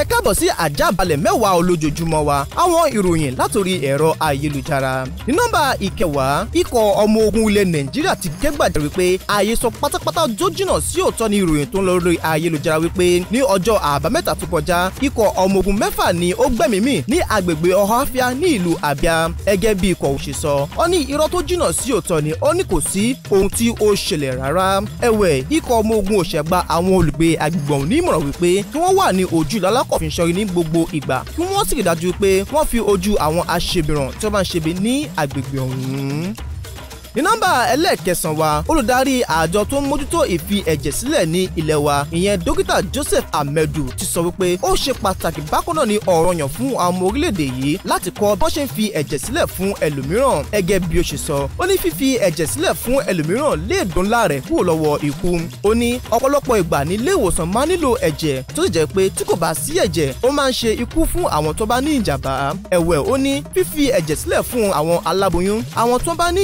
ẹ káàbọ̀ sí àjábalẹ̀ mẹ́wàá olójoojúmọ́ wa àwọn ìròyìn látòrí ẹ̀rọ ayélujára. ní nọ́mbà ìkẹwàá ikọ̀ ọmọ ogun ilẹ̀ nàìjíríà ti kẹ́gbàjà wípé ààyè sọ pátápátá tó jìnnà sí òótọ́ ní ìròyìn tó ń lọ lórí ayélujára wípé ní ọjọ́ àbámẹ́ta tó kọjá ikọ̀ ọmọ ogun mẹ́fà ni ó gbẹ̀mí mì ní agbègbè ọ̀háfíà ní ìlú àbíà ẹgẹ́ bí ikọ̀ òṣì sọ ọ ní irọ́ tó jìnnà sí òótọ́ ni ó ní kò sí ohun tí ó ṣẹlẹ̀ rárá ẹ̀wẹ̀ ikọ̀ ọmọ ogun òṣègbà àwọn olùgbé agbègbè ọ̀hún ní ìmọ̀ràn wípé kí wọ́n wà ní ojú lálá kọ̀fin ṣọ́rí ní gbogbo ìgbà kí wọ́n sì rí dájú pé wọ́n fi ojú àwọn aṣèbìràn tí wọ́n bá ń ṣebi ní agbègbè ọ̀hún ní nọ́mbà ẹlẹ́ẹ̀kẹsàn wa olùdarí àjọ tó ń mójútó ìfi ẹ̀jẹ̀ sílẹ̀ ní ilẹ̀ wa ìyẹn dókítà Joseph Amedu. ti sọ wípé ó ṣe pàtàkì bákan náà ni ọ̀ranyàn fún àwọn ọmọ orílẹ̀-èdè yìí láti kọ́ bó ṣe ń fi ẹ̀jẹ̀ sílẹ̀ fún ẹlòmíràn ẹgẹ́ bí ó ṣe sọ ó ní fífi ẹ̀jẹ̀ sílẹ̀ fún ẹlòmíràn lè dùn láàrẹ̀ kúrò lọ́wọ́ ikú ó ní ọ̀pọ̀lọpọ̀ ìgbà ní ìjàmbá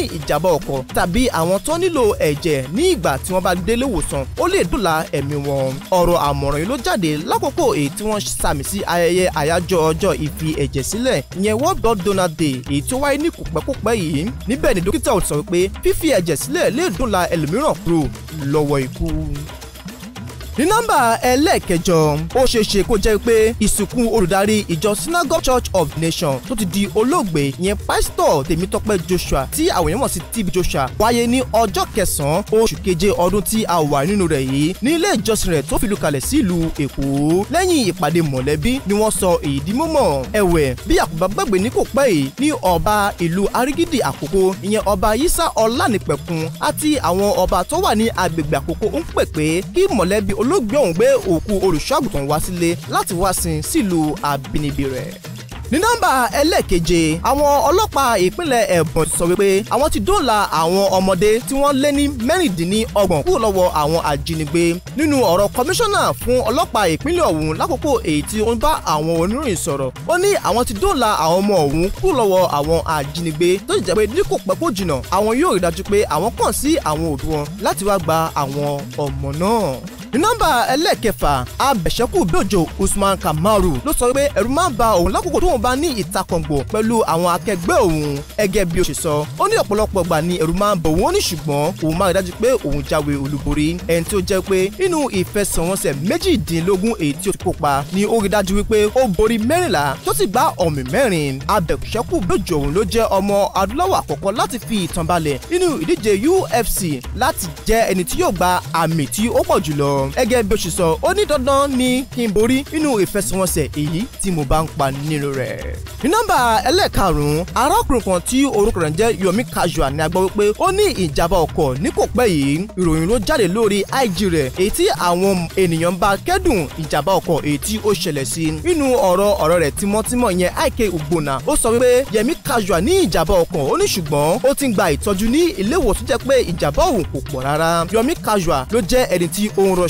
ẹ̀wẹ̀ ọkàn tàbí àwọn tó nílò ẹ̀jẹ̀ ní ìgbà tí wọ́n bá délé ìwòsàn ó lè dóòlà ẹ̀mí wọn. ọ̀rọ̀ àmọ̀ràn yìí ló jáde lákòókò èyí tí wọ́n sàmì sí ayẹyẹ àyájọ́ ọjọ́ ìfi ẹ̀jẹ̀ sílẹ̀ ìyẹn World Blood Donor Day èyí tó wáyé ní kòpẹ́kòpẹ́ yìí níbẹ̀ ni dókítà ò sọ pé fífi ẹ̀jẹ̀ sílẹ̀ lè dóòlà ẹlòmíràn kúrò lọ́wọ́ ikú ní nọ́mbà ẹlẹ́ẹ̀kẹjọ ó ṣeé ṣe kó jẹ́ pé ìsìnkú olùdarí ìjọ Synagogue Church of Nation tó ti di olóògbé yẹn pásítọ̀ Tèmítọ́pẹ́ Joshua tí àwọn èèyàn mọ̀ sí TB Joshua wáyé ní ọjọ́ kẹsàn-án oṣù keje ọdún tí a wà nínú rẹ̀ yìí ní ilé ìjọsìn rẹ̀ tó fìlú kalẹ̀ sílùú Èkó lẹ́yìn ìpàdé mọ̀lẹ́bí ni wọ́n sọ èyí di mímọ̀ ẹ̀wẹ̀ bí àkùbá gbàgbé ní kò pẹ́ yìí ní ọba ìlú Arígídì Àkókó ìyẹn ọba Yísà Ọlánìpẹ̀kun àti àwọn ọba tó wà ní agbègbè Àkókó olóògbé ọ̀hún gbé òkú olùṣọ́àgùntàn wá sílé láti wá sin sílùú àbínibí rẹ̀ ní nọ́mbà ẹlẹ́ẹ̀keje àwọn ọlọ́pàá ìpínlẹ̀ ẹ̀bọ̀n sọ wípé àwọn ti dóòlà àwọn ọmọdé tí wọ́n lé ní mẹ́rìndínlọ́gbọ̀n kúrò lọ́wọ́ àwọn ajínigbé nínú ọ̀rọ̀ kọmíṣánná fún ọlọ́pàá ìpínlẹ̀ ọ̀hún lákòókò èyí tí ó ń bá àwọn oníròyìn sọ̀rọ̀ ó ní àwọn ti dóòlà àwọn ọmọ ọ̀hún kúrò lọ́wọ́ àwọn ajínigbé tó sì jẹ́ pé ní kò pẹ́ kó jìnnà àwọn yóò rí dájú pé àwọn kàn sí àwọn òbí wọn láti wá gba àwọn ọmọ náà ní nọ́mbà ẹlẹ́ẹ̀kẹfà abẹ̀ṣẹ́kù bíòjò Usman Kamaru ló sọ pé ẹ̀rù máa ń ba òun lákòókò tóun bá ní ìtakọ̀ngbò pẹ̀lú àwọn akẹgbẹ́ òun ẹgẹ́ bí ó ṣe sọ ó ní ọ̀pọ̀lọpọ̀ gbà ní ẹ̀rù máa ń bọ̀ wọ́n ní ṣùgbọ́n òun máa rí dájú pé òun jáwé olúborí ẹni tó jẹ́ pé nínú ìfẹsẹ̀wọnsẹ̀ méjìdínlógún èyí tí ó ti kópa ni ó rí dájú wípé ó borí mẹ́rìnlá tó sì gbá ọ̀mì mẹ́rin abẹ̀ṣẹ́kù bíòjò òun ló jẹ́ ọmọ adúláwọ̀ àkọ́kọ́ láti fi ìtàn balẹ̀ nínú ìdíje UFC láti jẹ́ ẹni tí yóò gba àmì tí ó pọ̀ jùlọ sọ gẹ́gẹ́ bí ó ṣe sọ ó ní dandan ni kí n borí nínú ìfẹsẹ̀wọnsẹ̀ èyí tí mo bá ń pa nínú rẹ̀. ní nọ́mbà ẹlẹ́ẹ̀karùn-ún arákùnrin kan tí orúkọ rẹ̀ ń jẹ́ Yomi Casual ni a gbọ́ wípé ó ní ìjàmbá ọkọ̀ ní kò pẹ́ yìí ìròyìn ló jáde lórí IG rẹ̀ èyí tí àwọn ènìyàn bá kẹ́dùn ìjàmbá ọkọ̀ èyí tí ó ṣẹlẹ̀ sí nínú ọ̀rọ̀ ọ̀rọ̀ rẹ̀ tímọ́tímọ́ yẹn Ike Ugbona ó sọ wípé Yomi Casual ní ìjàmbá ọkọ̀ ó ní ṣùgbọ́n ó ti ń gba ìtọ́jú ní ilé ìwòsàn jẹ́ pé ìjàmbá òun Casual ló jẹ́ ẹni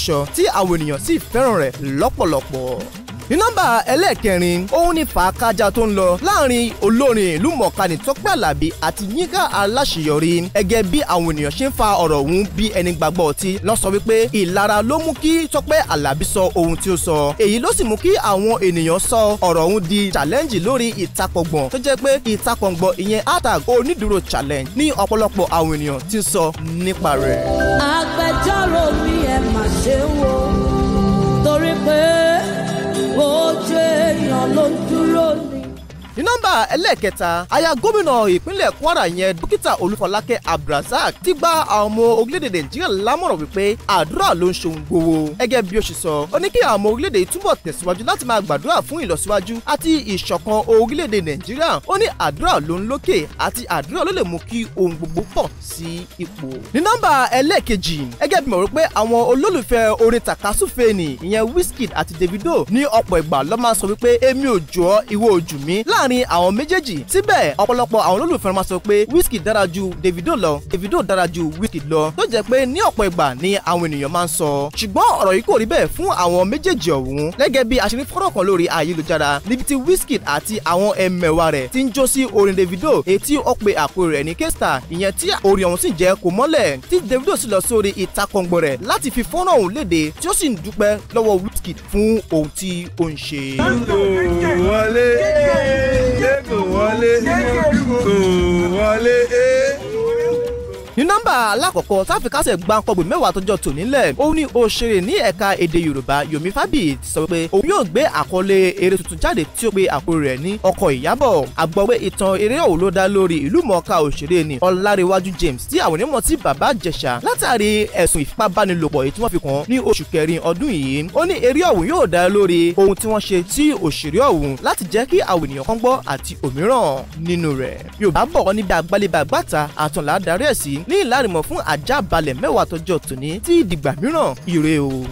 ọlọ́ṣọ̀ọ́ tí àwọn ènìyàn sì fẹ́ràn rẹ̀ lọ́pọ̀lọpọ̀ ní nọ́mbà ẹlẹ́ẹ̀kẹrin òun ni fàákájà tó ń lọ láàrin olórin ìlú mọ̀kánì tọ́pẹ́ àlàbí àti yínká aláṣeyọrí ẹgẹ́ bí àwọn ènìyàn ṣe ń fa ọ̀rọ̀ ọ̀hún bí ẹni gbàgbọ́ ọtí lọ sọ wípé ìlara ló mú kí tọ́pẹ́ àlàbí sọ ohun tí ó sọ èyí ló sì mú kí àwọn ènìyàn sọ ọ̀rọ̀ ọ̀hún di challenge lórí ìtakọ̀gbọ̀n tó jẹ́ pé ìtakọ̀gbọ̀n ìyẹn hashtag onídùúró challenge ní ọ̀pọ̀lọpọ̀ àwọn ènìyàn ti sọ nípa rẹ̀. seu ní nọ́mbà ẹlẹ́ẹ̀kẹta aya gómìnà ìpínlẹ̀ Kwara yẹn dókítà Olúfọlákẹ́ Abdulrasaq ti gba àwọn ọmọ orílẹ̀-èdè Nàìjíríà lámọ̀ràn wípé àdúrà ló ń ṣohun gbowó gẹ́gẹ́ bí ó ṣe sọ ó ní kí àwọn ọmọ orílẹ̀-èdè túbọ̀ tẹ̀síwájú láti máa gbàdúrà fún ìlọsíwájú àti ìṣọ̀kan orílẹ̀-èdè Nàìjíríà ó ní àdúrà ló ń lókè àti àdúrà ló lè mú kí ohun gbogbo pọ̀ sí ipò. ní nọ́mbà ẹlẹ́ẹ̀kejì gẹ́gẹ́ bí mo rò pé àwọn olólùfẹ́ orin tàkásùfèènì ìyẹn Wizkid àti Davido ní ọ̀pọ̀ ìgbà láàrin àwọn méjèèjì síbẹ̀ ọ̀pọ̀lọpọ̀ àwọn olólùfẹ́ máa sọ pé Wizkid dára ju Davido lọ Davido dára ju Wizkid lọ tó jẹ́ pé ní ọ̀pọ̀ ìgbà ni àwọn ènìyàn máa ń sọ ṣùgbọ́n ọ̀rọ̀ yìí kò rí bẹ́ẹ̀ fún àwọn méjèèjì ọ̀hún gẹ́gẹ́ bí aṣeré fọ́rọ̀ kan lórí ayélujára níbi tí Wizkid àti àwọn ẹ̀mẹ̀wà rẹ̀ ti ń jó sí orin Davido èyí tí ó pe àpò rẹ̀ ní k fi fọ́nrán ọ̀hún léde tí ó sì ń dúpẹ́ lọ́wọ́ wọlé. alákọ̀ọ́kọ́ táfikásẹ̀ gbàǹkọ̀gbè mẹ́wàá tọjọ́ tò nílẹ̀ ó ní òṣèré ní ẹ̀ka èdè Yorùbá Yomi Fabiyi ti sọ pé òun yóò gbé àkọlé eré tuntun jáde tí ó pe àkórí rẹ̀ ní ọkọ̀ ìyábọ̀ àgbọ̀wé ìtàn eré òun ló dá lórí ìlú mọ̀ọ́ká òṣèré ni Ọlárewájú James tí àwọn onímọ̀ tí bàbá Ìjẹ̀ṣà látàrí ẹ̀sùn ìfipábánilòpọ̀ èyí tí wọ́n fi kàn ní oṣù kẹrin ọdún yìí ó ní eré ọ̀hún yóò dá lórí ohun tí wọ́n ṣe tí òṣèré ọ̀hún láti jẹ́ kí àwọn ènìyàn kan gbọ́ àti òmíràn nínú rẹ̀ Yorùbá fún àjábalẹ̀ mẹ́wàá tọjọ́ tòní tí ìdìgbà mìíràn ire o.